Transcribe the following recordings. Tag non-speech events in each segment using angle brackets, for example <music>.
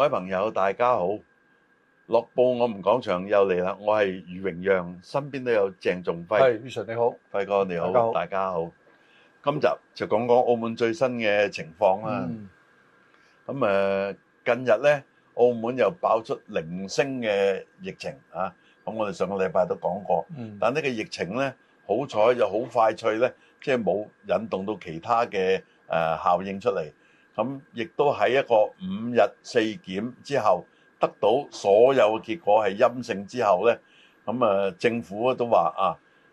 各位朋友，大家好！樂報我們講場又嚟啦，我係余榮讓，身邊都有鄭仲輝。係余 Sir 你好，輝哥你好，大家好。今集就講講澳門最新嘅情況啦。咁誒，近日咧，澳門又爆出零星嘅疫情啊。咁我哋上個禮拜都講過，但呢個疫情咧，好彩就好快脆咧，即係冇引動到其他嘅誒效應出嚟。咁亦都喺一個五日四檢之後，得到所有嘅結果係陰性之後咧，咁啊政府都話啊，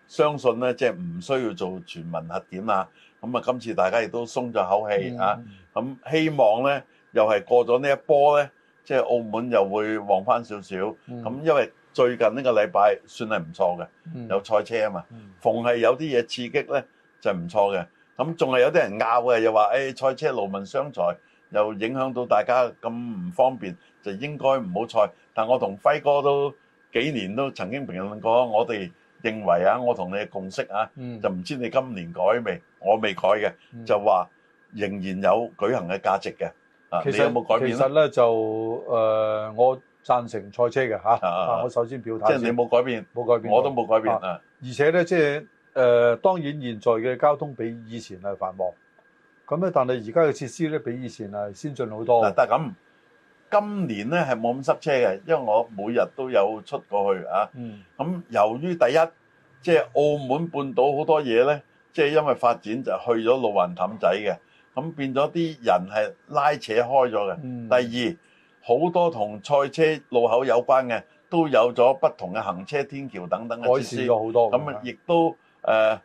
相信咧即係唔需要做全民核檢啦。咁啊，今次大家亦都鬆咗口氣啊。咁、啊、希望咧，又係過咗呢一波咧，即係澳門又會旺翻少少。咁因為最近呢個禮拜算係唔錯嘅，有賽車啊嘛，逢係有啲嘢刺激咧就唔、是、錯唔錯嘅。咁仲係有啲人拗嘅，又話誒賽車勞民傷財，又影響到大家咁唔方便，就應該唔好賽。但我同輝哥都幾年都曾經評論過，我哋認為啊，我同你嘅共識啊，就唔知你今年改未？我未改嘅，就話仍然有舉行嘅價值嘅。其實有冇改變？其實咧就誒，我贊成賽車嘅嚇。啊啊！我首先表態，即係你冇改變，冇改變，我都冇改變啊。而且咧，即係。誒、呃、當然現在嘅交通比以前係繁忙，咁咧但係而家嘅設施咧比以前係先進好多。但係咁，今年咧係冇咁塞車嘅，因為我每日都有出過去、嗯、啊。咁由於第一，即係澳門半島好多嘢咧，即係因為發展就去咗路環氹仔嘅，咁變咗啲人係拉扯開咗嘅、嗯。第二，好多同賽車路口有關嘅都有咗不同嘅行車天橋等等嘅設施，改善咗好多。咁亦都。誒、呃、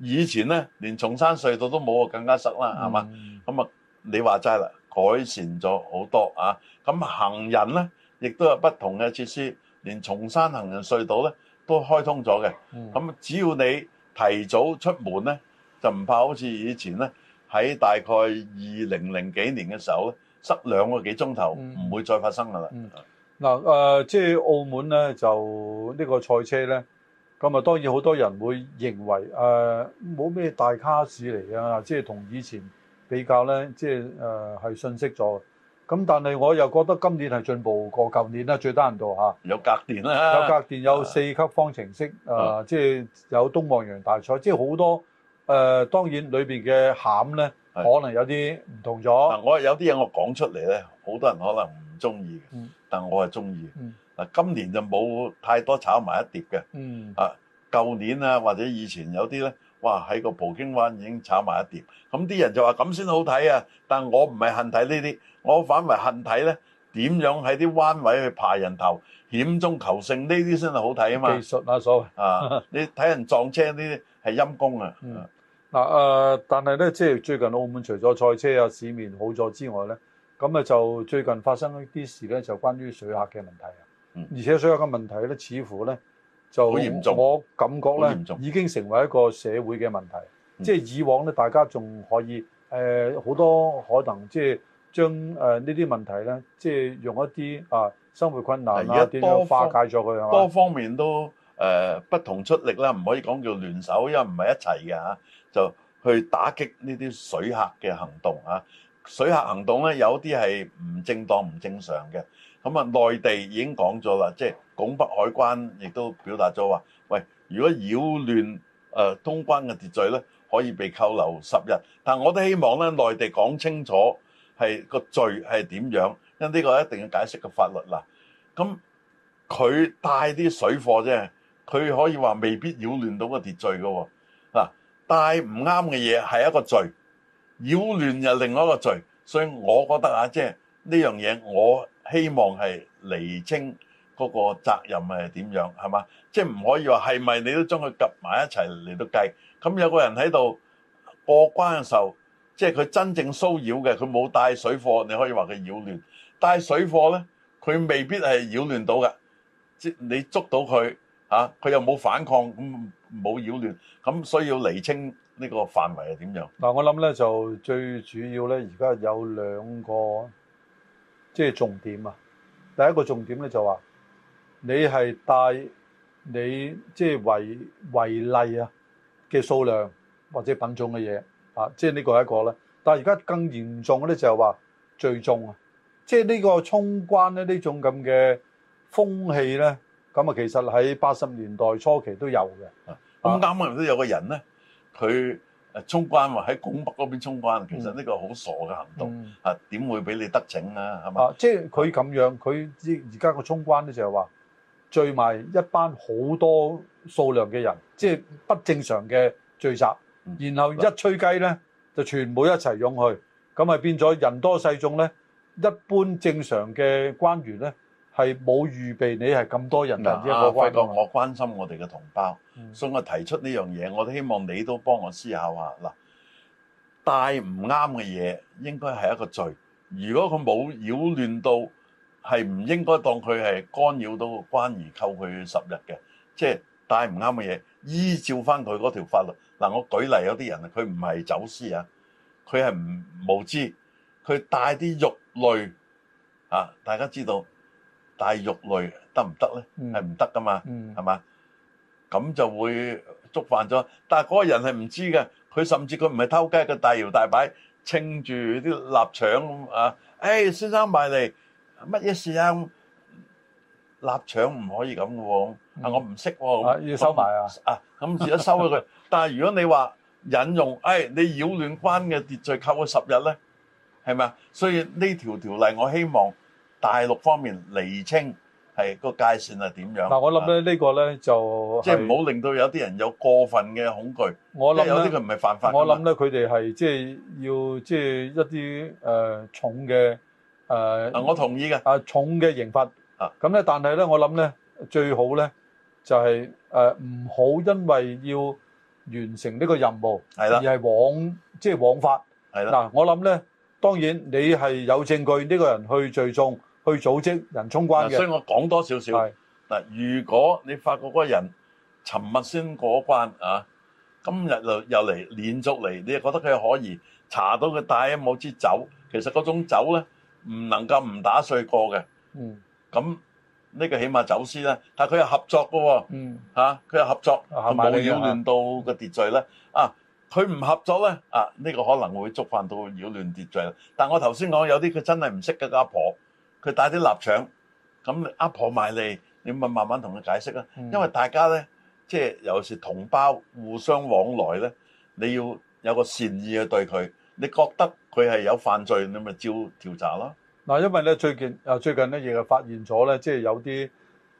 以前咧，連松山隧道都冇，更加塞啦，係、嗯、嘛？咁啊，你話齋啦，改善咗好多啊！咁、啊、行人咧，亦都有不同嘅設施，連松山行人隧道咧都開通咗嘅。咁、嗯、只要你提早出門咧，就唔怕好似以前咧，喺大概二零零幾年嘅時候咧，塞兩個幾鐘頭，唔會再發生噶啦。嗱、嗯，誒、嗯嗯呃，即係澳門咧，就呢、呢個賽車咧。咁啊，當然好多人會認為誒冇咩大卡士嚟嘅，即係同以前比較咧，即係誒係遜色咗。咁但係我又覺得今年係進步過舊年啦，最低限度。有格電啦，有格電有四級方程式啊、呃，即係有東望洋大賽，即係好多誒、呃。當然裏邊嘅餡咧，可能有啲唔同咗。但我有啲嘢我講出嚟咧，好多人可能唔中意，但我係中意。嗯嗱，今年就冇太多炒埋一碟嘅。嗯，啊，舊年啊，或者以前有啲咧，哇喺個葡京灣已經炒埋一碟。咁啲人就話咁先好睇啊！但我唔係恨睇呢啲，我反為恨睇咧點樣喺啲灣位去爬人頭，險中求勝呢啲先係好睇啊嘛。技術啊，所謂啊，你睇人撞車呢啲係陰功啊。嗱啊，但係咧，即係最近澳門除咗賽車啊、市面好咗之外咧，咁啊就最近發生一啲事咧，就關於水客嘅問題啊。而且所有嘅問題咧，似乎咧就好嚴重，我感覺咧，已經成為一個社會嘅問題。嗯、即係以往咧，大家仲可以誒好、呃、多可能將，即係將誒呢啲問題咧，即、就、係、是、用一啲啊生活困難啊點樣化解咗佢。多方面都誒、呃、不同出力啦，唔可以講叫聯手，因為唔係一齊嘅嚇，就去打擊呢啲水客嘅行動嚇、啊。水客行動咧，有啲係唔正當、唔正常嘅。咁啊，內地已經講咗啦，即係拱北海關亦都表達咗話：喂，如果擾亂誒、呃、通關嘅秩序咧，可以被扣留十日。但我都希望咧，內地講清楚係個罪係點樣，因為呢個一定要解釋個法律啦。咁佢帶啲水貨啫，佢可以話未必擾亂到個秩序噶喎、哦。嗱，帶唔啱嘅嘢係一個罪，擾亂又另一個罪，所以我覺得啊，即係呢樣嘢我。希望係釐清嗰個責任係點樣，係嘛？即係唔可以話係咪你都將佢夾埋一齊嚟到計。咁有個人喺度過關嘅時候，即係佢真正騷擾嘅，佢冇帶水貨，你可以話佢擾亂。帶水貨咧，佢未必係擾亂到㗎。即係你捉到佢，啊，佢又冇反抗，咁冇擾亂，咁所以要釐清呢個範圍係點樣？嗱，我諗咧就最主要咧，而家有兩個。即係重點啊！第一個重點咧就話你係帶你即係為為例啊嘅數量或者品種嘅嘢啊，即係呢個係一個啦。但係而家更嚴重嘅咧就係話最終啊！即係呢個衝關咧，呢種咁嘅風氣咧，咁啊其實喺八十年代初期都有嘅。咁啱啱都有個人咧，佢誒衝關喎，喺拱北嗰邊衝關，其實呢個好傻嘅行動嚇，點會俾你得逞啊？係嘛？即係佢咁樣，佢之而家個衝關咧就係話聚埋一班好多數量嘅人，即係不正常嘅聚集，然後一吹雞咧就全部一齊湧去，咁咪變咗人多勢眾咧。一般正常嘅官員咧。係冇預備，你係咁多人這個啊！我發覺我關心我哋嘅同胞，嗯，所以我提出呢樣嘢，我都希望你都幫我思考一下嗱，帶唔啱嘅嘢應該係一個罪。如果佢冇擾亂到，係唔應該當佢係干擾到關而扣佢十日嘅，即係帶唔啱嘅嘢，依照翻佢嗰條法律嗱。我舉例有啲人啊，佢唔係走私啊，佢係唔無知，佢帶啲肉類啊，大家知道。帶肉類得唔得咧？係唔得噶嘛，係嘛？咁就會觸犯咗。但係嗰個人係唔知嘅，佢甚至佢唔係偷雞，佢大搖大擺稱住啲臘腸咁啊！誒，先生買嚟乜嘢事啊？臘腸唔可以咁嘅喎，係我唔識喎，要收埋啊！啊，咁自己收咗佢。但係如果你話引用誒，你擾亂關嘅秩序，扣咗十日咧，係咪啊？所以呢條條例，我希望。大陸方面釐清係個界線係點樣？嗱，我諗咧呢個咧就即係唔好令到有啲人有過分嘅恐懼。我諗咧、就是、有啲佢唔係犯法。我諗咧佢哋係即係要即係一啲誒重嘅誒。嗱，我同意嘅啊，重嘅刑罰啊，咁咧，但係咧，我諗咧最好咧就係誒唔好因為要完成呢個任務係啦而係枉即係、就是、枉法。係啦。嗱，我諗咧，當然你係有證據呢、呢個人去罪重。去組織人衝關嘅，所以我講多少少。嗱，如果你發覺嗰人沉默先過關啊，今日又又嚟連續嚟，你又覺得佢可以查到佢帶咗冇支酒，其實嗰種酒咧唔能夠唔打碎過嘅。嗯，咁呢、這個起碼走私啦。但係佢又合作嘅喎。嗯，嚇佢又合作，就冇擾亂到個秩序咧、嗯。啊，佢唔合作咧，啊呢、這個可能會觸犯到擾亂秩序。但我頭先講有啲佢真係唔識嘅家婆。佢帶啲臘腸，咁阿婆埋嚟，你咪慢慢同佢解釋啦。因為大家咧，即係有時同胞互相往來咧，你要有個善意去對佢。你覺得佢係有犯罪，你咪照調查咯。嗱，因為咧最近啊，最近咧亦係發現咗咧，即、就、係、是、有啲誒、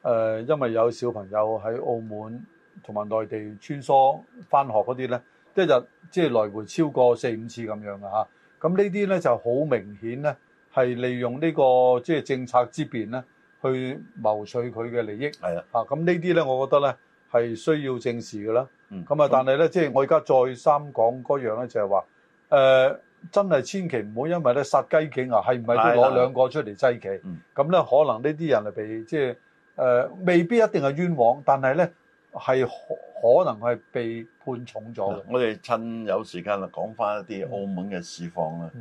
呃，因為有小朋友喺澳門同埋內地穿梭返學嗰啲咧，一日即係來回超過四五次咁樣嘅嚇。咁呢啲咧就好明顯咧。係利用呢個即係政策之便咧，去謀取佢嘅利益。係啊，啊咁呢啲咧，我覺得咧係需要正視嘅啦。嗯，咁啊，但係咧，即係我而家再三講嗰樣咧，就係話誒，真係千祈唔好因為咧殺雞儆啊，係唔係都攞兩個出嚟祭旗？咁咧、嗯、可能呢啲人係被即係誒、呃，未必一定係冤枉，但係咧係可能係被判重咗。我哋趁有時間啦，講翻一啲澳門嘅事況啦。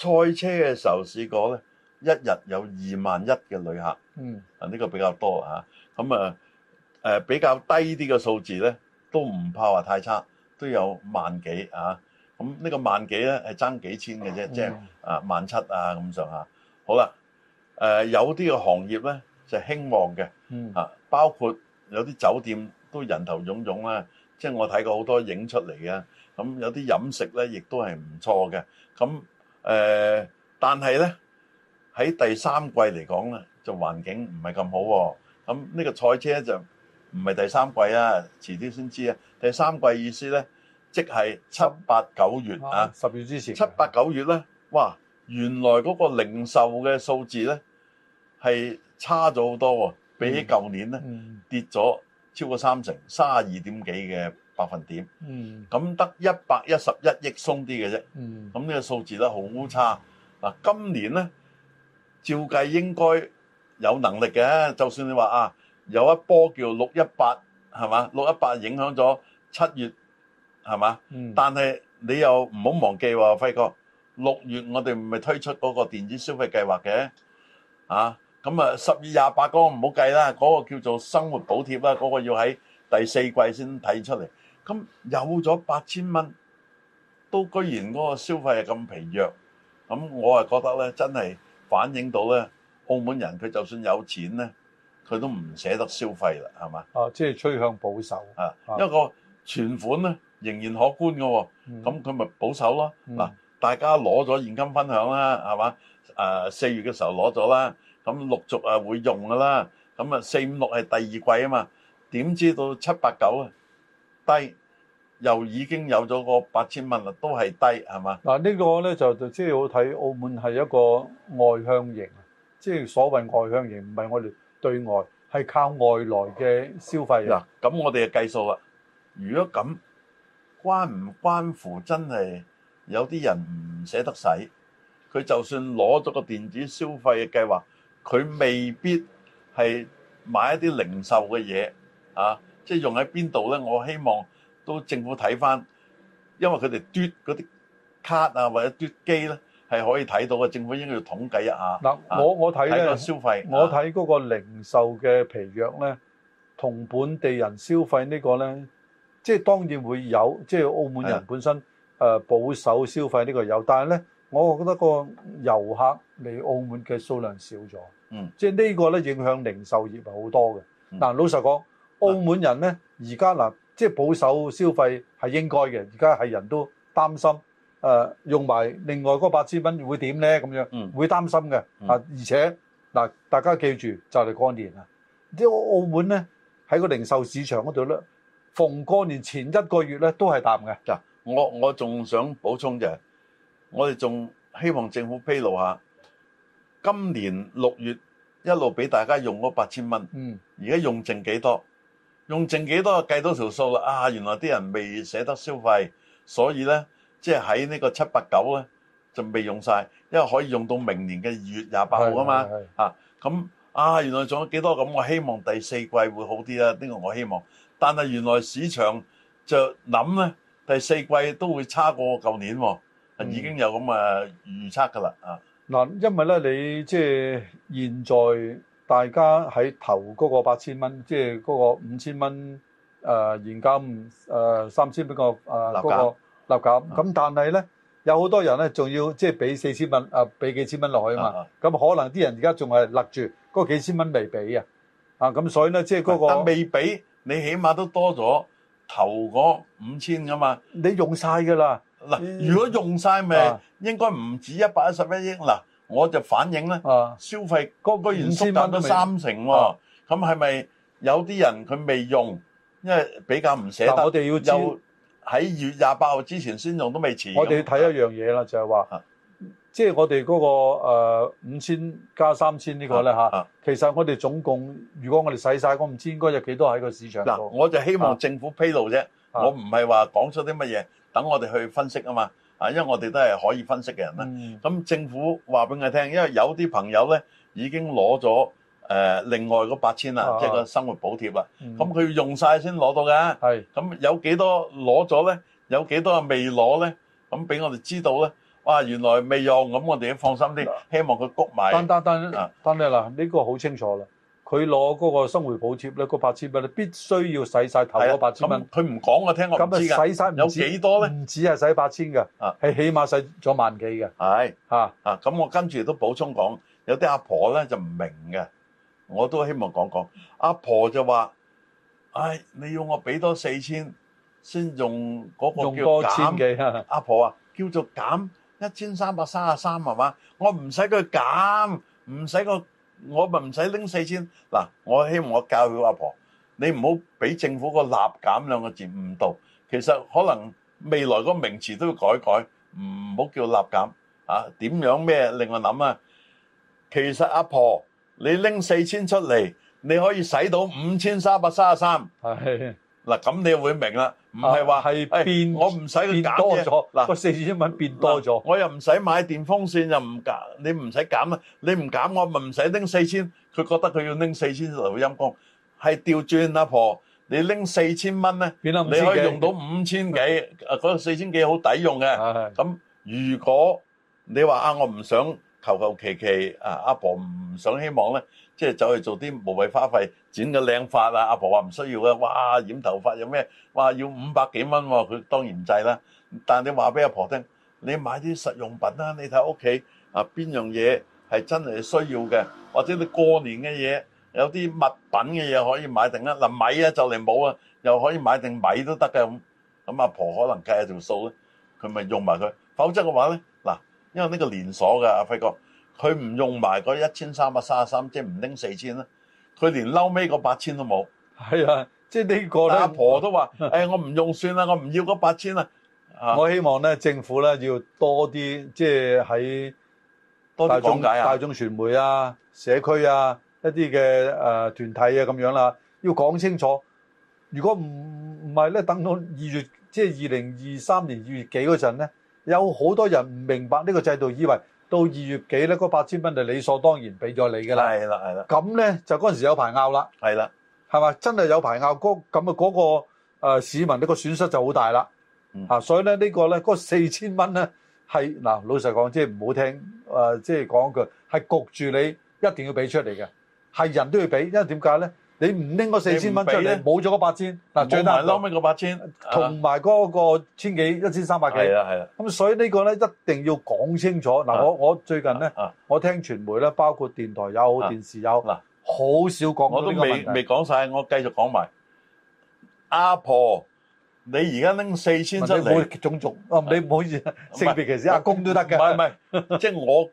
賽車嘅時候試過咧，一日有二萬一嘅旅客，嗯啊呢、呢個比較多啊。咁啊誒、啊、比較低啲嘅數字咧，都唔怕話太差，都有萬幾啊。咁、啊、呢、呢個萬幾咧係爭幾千嘅啫、嗯，即係啊萬七啊咁上下。好啦，誒、啊、有啲嘅行業咧就興旺嘅，嗯啊包括有啲酒店都人頭湧湧啦，即、嗯、係、啊就係、我睇過好多影出嚟嘅，咁、啊啊、有啲飲食咧亦都係唔錯嘅，咁、啊。誒、呃，但係咧喺第三季嚟講咧，就環境唔係咁好喎、啊。咁、這、呢個賽車就唔係第三季啊，遲啲先知啊。第三季意思咧，即係七八九月啊，十，啊十月之前。七八九月咧，哇！原來嗰個零售嘅數字咧係差咗好多喎、啊，比起舊年咧、嗯、跌咗超過三成，三十二點幾嘅。嗯、百分點，咁得一百一十一億鬆啲嘅啫，咁呢個數字咧好差。嗱、啊，今年咧照計應該有能力嘅，就算你話啊，有一波叫六一八，係嘛，六一八影響咗七月，係嘛、嗯，但係你又唔好忘記喎，輝哥，六月我哋唔係推出嗰個電子消費計劃嘅，啊，咁啊十二廿八嗰個唔好計啦，嗰、嗰個叫做生活補貼啦，嗰、嗰個要喺第四季先睇出嚟。咁有咗八千蚊，都居然嗰個消費係咁疲弱，咁我係覺得咧，真係反映到咧，澳門人佢就算有錢咧，佢都唔捨得消費啦，係嘛？啊，即係趨向保守啊，因為個存款咧仍然可觀嘅喎，咁佢咪保守咯？嗱，大家攞咗現金分享啦，係嘛？誒四月嘅時候攞咗啦，咁陸續誒會用嘅啦，咁啊四五六係第二季啊嘛，點知到七八九啊低？又已經有咗個八千蚊啦，都係低係嘛？嗱，這個、呢個咧就就即係好睇澳門係一個外向型，即係所謂外向型，唔係我哋對外係靠外來嘅消費。嗱、嗯，咁、嗯、我哋嘅計數啊，如果咁關唔關乎真係有啲人唔捨得使，佢就算攞咗個電子消費嘅計劃，佢未必係買一啲零售嘅嘢啊，即係用喺邊度咧？我希望。都政府睇翻，因為佢哋嘟嗰啲卡啊，或者嘟機咧，係可以睇到嘅。政府應該要統計一下。嗱，我我睇咧消費，我睇嗰個零售嘅疲弱咧，同本地人消費個呢個咧，即係當然會有，即係澳門人本身誒保守消費呢個有，的但係咧，我覺得個遊客嚟澳門嘅數量少咗，嗯，即係呢個咧影響零售業係好多嘅。嗱、嗯，老實講，澳門人咧而家嗱。即係保守消費係應該嘅，而家係人都擔心，誒、呃、用埋另外嗰八千蚊會點咧咁樣，呢樣、嗯，會擔心嘅。啊，而且嗱，大家記住就嚟、是、過年啦，即啲澳門咧喺個零售市場嗰度咧，逢過年前一個月咧都係淡嘅。嗱，我我仲想補充嘅，我哋仲希望政府披露下今年六月一路俾大家用嗰八千蚊，而、嗯、家用剩幾多？用剩幾多計到條數啦？啊，原來啲人未捨得消費，所以咧即係喺呢個七八九咧就未用晒，因為可以用到明年嘅二月廿八號啊嘛嚇。咁啊，原來仲有幾多？咁我希望第四季會好啲啦，呢個我希望。但係原來市場就諗咧，第四季都會差過舊年喎，已經有咁嘅預測㗎啦啊。嗱，因為咧你即係現在。大家喺投嗰個八千蚊，即係嗰個五千蚊誒現金誒三千俾個誒嗰個立減，咁但係咧有好多人咧仲要即係俾四千蚊啊俾幾千蚊落去啊嘛，咁可能啲人而家仲係立住嗰幾千蚊未俾啊，啊咁所以咧即係嗰個未俾你起碼都多咗投嗰五千噶嘛，你用曬㗎啦。嗱，如果用曬咪應該唔止一百一十一億啦。我就反映咧、啊，消費嗰個元素達咗三成喎、啊，咁係咪有啲人佢未用，因為比較唔捨得？我哋要喺二月廿八號之前先用都未遲。我哋要睇一樣嘢啦，就係、是、話、那個，即係我哋嗰個五千加三千個呢個咧、啊啊啊、其實我哋總共，如果我哋使晒，我唔知應該有幾多喺個市場度、啊。我就希望政府披露啫、啊，我唔係話講出啲乜嘢，等我哋去分析啊嘛。啊，因為我哋都係可以分析嘅人啦。咁政府話俾我聽，因為有啲朋友咧已經攞咗誒另外嗰八千啦，即係個生活補貼啦。咁佢用曬先攞到㗎。係。咁有幾多攞咗咧？有幾多未攞咧？咁俾我哋知道咧。哇，原來未用，咁我哋都放心啲。希望佢谷埋。但但但啊，但係嗱，呢個好清楚啦。佢攞嗰個生活補貼咧，個八千蚊你必須要使曬，頭嗰八千蚊。佢唔講我聽，我唔知㗎。咁啊，使曬唔止，有幾多咧？唔止係使八千嘅，係起碼使咗萬幾嘅。係嚇，啊咁我跟住都補充講，有啲阿婆咧就唔明嘅，我都希望講講。阿婆就話，唉，你要我俾多四千先用嗰個叫減？阿婆話叫做減一千三百三十三，係嘛？我唔使佢減，唔使佢。我咪唔使拎四千嗱，我希望我教佢阿婆，你唔好俾政府個立減兩個字誤導，其實可能未來個名詞都要改改，唔好叫立減啊，點樣咩另外諗啊？其實阿婆，你拎四千出嚟，你可以使到五千三百三十三。係。嗱咁你又會明啦，唔係話係變，我唔使佢減咗。嗱，個四千蚊變多咗，我又唔使買電風扇又唔減，你唔使減啊！你唔減我咪唔使拎四千，佢覺得佢要拎四千就陰公，係調轉阿婆，你拎四千蚊咧，你可以用到五千幾，嗰四千幾好抵用嘅。咁如果你話啊，我唔想求求其其啊，阿婆唔唔想希望咧。即係走去做啲無謂花費，剪個靚髮啊！阿婆話唔需要嘅，哇染頭髮有咩？哇要五百幾蚊喎，佢當然唔制啦。但你話俾阿婆聽，你買啲實用品啦、啊，你睇屋企啊邊樣嘢係真係需要嘅，或者你過年嘅嘢，有啲物品嘅嘢可以買定啊。嗱米啊，就嚟冇啊，又可以買定米都得嘅。咁咁阿婆可能計下條數咧，佢咪用埋佢。否則嘅話咧，嗱，因為呢個連鎖嘅阿輝哥。佢唔用埋嗰一千三百三十三，即係唔拎四千啦。佢連嬲尾個八千都冇。係啊，即係呢個阿婆都話，誒、 <laughs> 哎，我唔用算啦，我唔要嗰八千啦。我希望咧，政府咧要多啲，即係喺大眾、啊、大眾傳媒啊、社區啊一啲嘅誒團體啊咁樣啦、啊，要講清楚。如果唔唔係咧，等到二月，即係二零二三年二月幾嗰陣咧，有好多人唔明白呢個制度，以為。到二月幾咧？嗰八千蚊就理所當然俾咗你㗎啦。係啦，係啦。咁咧就嗰陣時有排拗啦。係啦，係嘛？真係有排拗，嗰咁啊、個、嗰個呃、市民呢個損失就好大啦、嗯啊。所以咧呢個咧嗰四千蚊咧係，嗱，老實講，即係唔好聽誒，即係講句係焗住你一定要俾出嚟嘅，係人都要俾，因為點解咧？你唔拎嗰四千蚊出嚟，冇咗嗰八千。嗱，最難同埋攞埋嗰八千，同埋嗰個千幾一千三百幾。係啦，係啦。咁所以呢個咧一定要講清楚。嗱，我我最近咧，我聽傳媒咧，包括電台有，電視有，嗱，好少講呢個問題。我都未未講晒，我繼續講埋。阿婆，你而家拎四千出嚟，種族，你唔好意思性別歧視，阿公都得嘅。唔係唔係，即係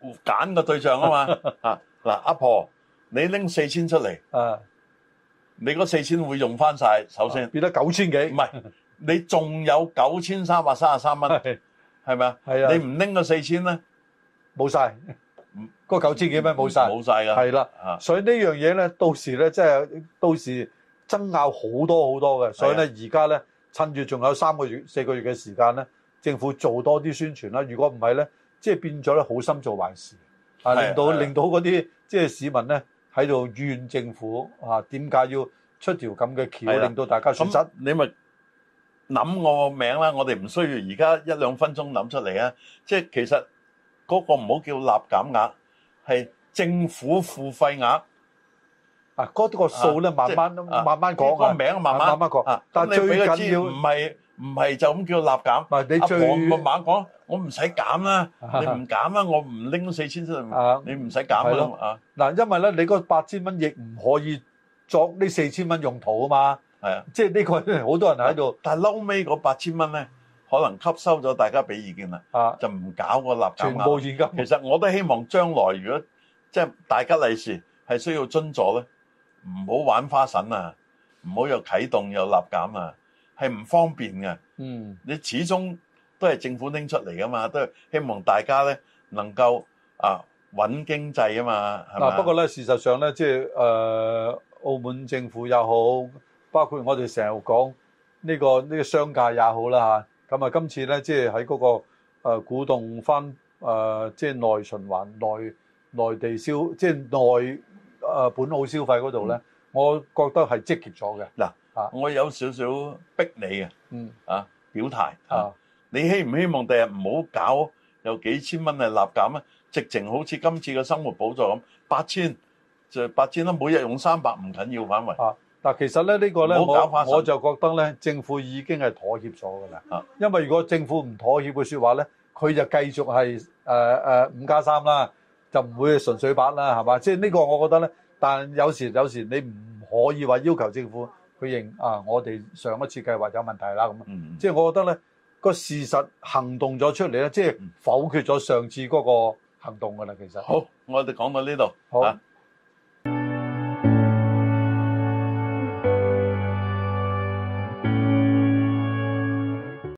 我揀個對象啊嘛。啊，嗱，阿婆。你拎四千出嚟，啊！你嗰四千會用翻晒。首先變得九千幾，唔係你仲有九千三百三十三蚊，係咪啊？係啊！ <laughs> 你唔拎個四千咧，冇晒，嗰九千幾蚊冇晒，冇晒㗎，係啦、啊，所以呢樣嘢咧，到時咧，即係到時爭拗好多好多嘅，所以咧而家咧，趁住仲有三個月、四個月嘅時間咧，政府做多啲宣傳啦。如果唔係咧，即係變咗咧，好心做壞事，啊，令到令到嗰啲即係市民咧。喺度怨政府啊，點解要出條咁嘅橋令到大家損失？你咪諗我個名啦！我哋唔需要而家一兩分鐘諗出嚟啊！即係其實嗰個唔好叫立減額，係政府付費額。嗱，嗰啲個數咧，慢慢慢慢講；個名慢慢慢慢講。但係最緊要唔係唔係就咁叫立減。阿王，我慢慢講，我唔使減啦，你唔減啦，我唔拎四千蚊，你唔使減嘅咯。啊，嗱，因為咧，你嗰八千蚊亦唔可以作呢四千蚊用途啊嘛。係啊，即係呢個好多人喺度，但係嬲尾嗰八千蚊咧，可能吸收咗大家俾意見啦。啊，就唔搞個立減啦。全部現金。其實我都希望將來如果即係大吉利是係需要津助咧。唔好玩花神啊！唔好又啟動又立減啊！係唔方便嘅。嗯，你始終都係政府拎出嚟噶嘛，都係希望大家咧能夠啊穩經濟啊嘛。嗱、啊，不過咧事實上咧，即係誒澳門政府又好，包括我哋成日講呢個呢、這個商界也好啦吓咁啊，今、啊、次咧即係喺嗰個鼓、呃、動翻誒即係內循環內內地銷即係內。就是內誒、呃、本澳消費嗰度咧，我覺得係積極咗嘅。嗱，我有少少逼你嘅、啊，嗯，啊，表態啊，啊，你希唔希望第日唔好搞有幾千蚊嘅立減啊？直情好似今次嘅生活補助咁，八千就八千啦，每日用三百唔緊要反為。啊，但其實咧呢、呢個咧，我我就覺得咧，政府已經係妥協咗㗎啦。啊，因為如果政府唔妥協嘅説話咧，佢就繼續係誒誒五加三啦。就唔會純粹白啦，係嘛？即係呢個我覺得咧，但有時有時你唔可以話要求政府去認啊，我哋上一次計劃有問題啦咁。即係、嗯就是、我覺得咧，個事實行動咗出嚟咧，即、就、係、是、否決咗上次嗰個行動㗎啦。其實好，我哋講到呢度。好。啊